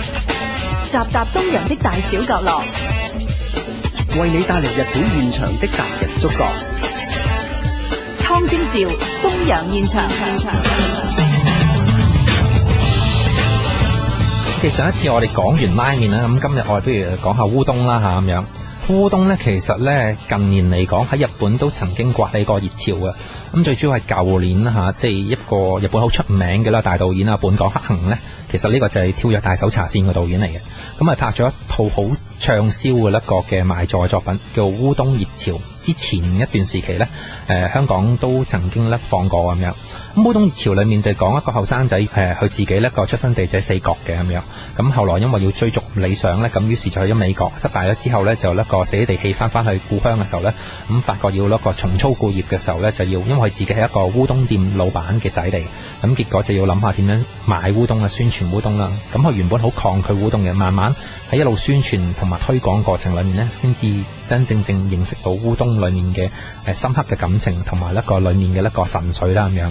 集集東洋的大小角落，為你帶嚟日本現場的達人觸覺，湯蒸兆，東洋現場。其實、嗯嗯嗯嗯嗯、上一次我哋講完拉麵啦，咁、嗯、今日我哋不如講下烏冬啦吓咁樣。烏冬咧，其實咧近年嚟講喺日本都曾經刮起過熱潮嘅，咁最主要係舊年啦、啊、即係一個日本好出名嘅啦大導演啊，本港克行咧，其實呢個就係跳躍大搜查線嘅導演嚟嘅，咁係拍咗一套好暢銷嘅一個嘅賣座作品，叫《烏冬熱潮》。之前一段時期咧。誒、呃、香港都曾經咧放過咁樣，咁、嗯、烏冬潮裡面就講一個後生仔，誒、呃、佢自己咧個出生地仔四國嘅咁樣，咁後來因為要追逐理想咧，咁於是就去咗美國，失敗咗之後咧就甩個死地氣翻翻去故鄉嘅時候咧，咁發覺要甩個重操故業嘅時候咧，就要因為佢自己係一個烏冬店老闆嘅仔嚟，咁結果就要諗下點樣賣烏冬啊，宣傳烏冬啦、啊，咁佢原本好抗拒烏冬嘅，慢慢喺一路宣傳同埋推廣過程裡面咧，先至真正正認識到烏冬裡面嘅誒深刻嘅感情同埋一個裏面嘅一個神水啦咁樣，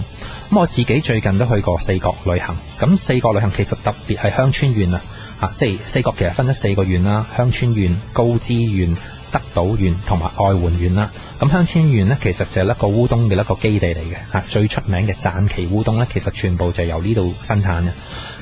咁我自己最近都去過四國旅行，咁四國旅行其實特別係香川縣啊，吓即係四國其實分咗四個縣啦，香川縣、高知縣。德島縣同埋愛媛縣啦，咁香川縣咧其實就係一個烏冬嘅一個基地嚟嘅吓，最出名嘅讚岐烏冬咧，其實全部就由呢度生產嘅。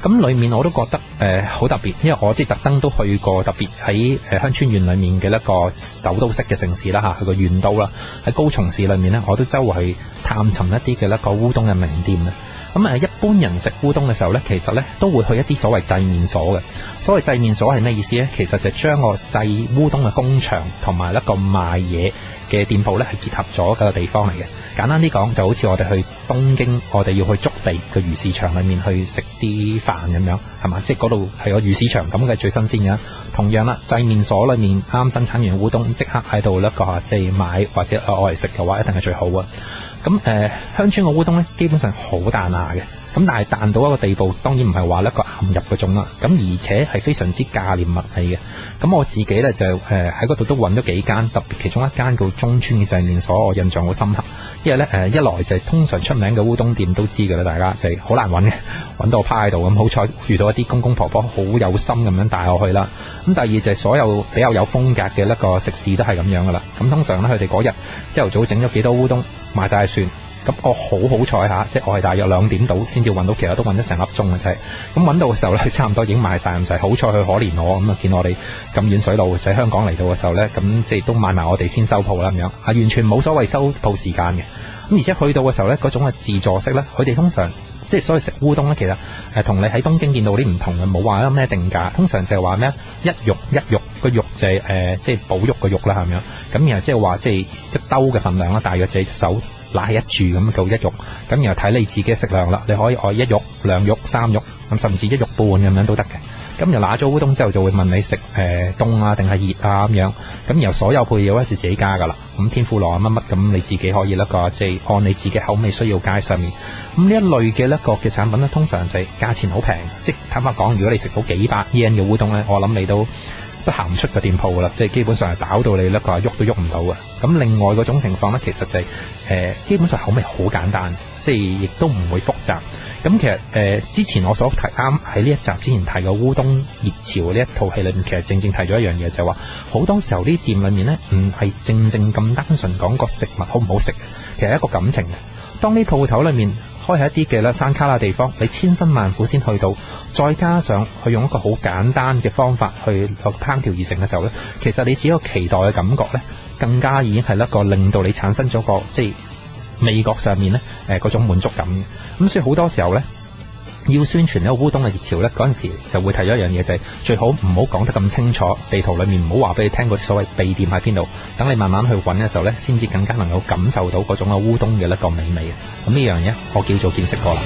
咁裏面我都覺得誒好、呃、特別，因為我知特登都去過特別喺誒香川縣裏面嘅一個首都式嘅城市啦吓，佢個縣都啦，喺高松市裏面咧，我都周圍探尋一啲嘅一個烏冬嘅名店咧。咁啊、嗯，一般人食烏冬嘅時候呢，其實呢都會去一啲所謂製麵所嘅。所謂製麵所係咩意思呢？其實就係將個製烏冬嘅工場同埋一個賣嘢嘅店鋪呢，係結合咗嘅地方嚟嘅。簡單啲講，就好似我哋去東京，我哋要去築地嘅魚市場裡面去食啲飯咁樣，係嘛？即係嗰度係個魚市場咁嘅最新鮮嘅。同樣啦，製麵所裡面啱生產完烏冬，即刻喺度拎個即係買或者我嚟食嘅話，一定係最好嘅。咁誒，鄉、呃、村嘅烏冬呢，基本上好大。嘅咁，但係彈到一個地步，當然唔係話一個陷入嗰種啦。咁而且係非常之價廉物美嘅。咁我自己咧就誒喺嗰度都揾咗幾間，特別其中一間叫中村製麵所，我印象好深刻。因為咧誒一來就係、是、通常出名嘅烏冬店都知嘅啦，大家就係好難揾嘅，揾到我趴喺度咁。好彩遇到一啲公公婆婆好有心咁樣帶我去啦。咁第二就係所有比較有風格嘅一個食肆都係咁樣噶啦。咁通常咧佢哋嗰日朝頭早整咗幾多烏冬賣晒就算。咁我好好彩嚇，即係我係大約兩點到先至揾到，其實都揾咗成粒鐘嘅啫。咁揾到嘅時候咧，差唔多已經賣晒咁滯。嗯。好彩佢可憐我，咁、嗯、啊見我哋咁遠水路喺香港嚟到嘅時候咧，咁即係都賣埋我哋先收鋪啦咁樣。係完全冇所謂收鋪時間嘅。咁而且去到嘅時候咧，嗰種係自助式咧，佢哋通常即係所謂食烏冬咧，其實係同你喺東京見到啲唔同嘅，冇話咁咩定價，通常就係話咩一肉一肉，個肉，肉就係、是、誒、呃就是、即係補肉嘅肉啦，係咪啊？咁然後即係話即係一兜嘅份量啦，大約隻手。拿一注咁做一玉，咁然後睇你自己食量啦。你可以愛一玉、兩玉、三玉，咁甚至一玉半咁樣都得嘅。咁又拿咗烏冬之後，就會問你食誒凍啊定係熱啊咁樣。咁然後所有配料咧就自己加噶啦。咁天婦羅啊乜乜咁，你自己可以咧個即係按你自己口味需要加上面。咁呢一類嘅咧個嘅產品咧，通常就係價錢好平。即坦白講，如果你食到幾百円嘅烏冬咧，我諗你都都行唔出個店鋪啦。即係基本上係飽到你咧個喐都喐唔到嘅。咁另外嗰種情況咧，其實就係誒。呃基本上口味好簡單，即係亦都唔會複雜。咁其實誒、呃、之前我所提啱喺呢一集之前提嘅烏冬熱潮呢一套戲裏面，其實正正提咗一樣嘢，就係話好多時候呢店裏面咧，唔係正正咁單純講個食物好唔好食，其實一個感情。當呢鋪頭裏面開喺一啲嘅啦山卡拉地方，你千辛萬苦先去到，再加上佢用一個好簡單嘅方法去烹調而成嘅時候咧，其實你只有期待嘅感覺咧，更加已經係一個令到你產生咗個即係。味覺上面咧，誒，嗰種滿足感，咁所以好多時候咧，要宣傳呢個烏冬嘅熱潮咧，嗰陣時就會提咗一樣嘢，就是，就係最好唔好講得咁清楚，地圖裏面唔好話俾你聽個所謂秘店喺邊度，等你慢慢去揾嘅時候咧，先至更加能夠感受到嗰種啊烏冬嘅一個美味啊，咁呢樣嘢我叫做見識過啦。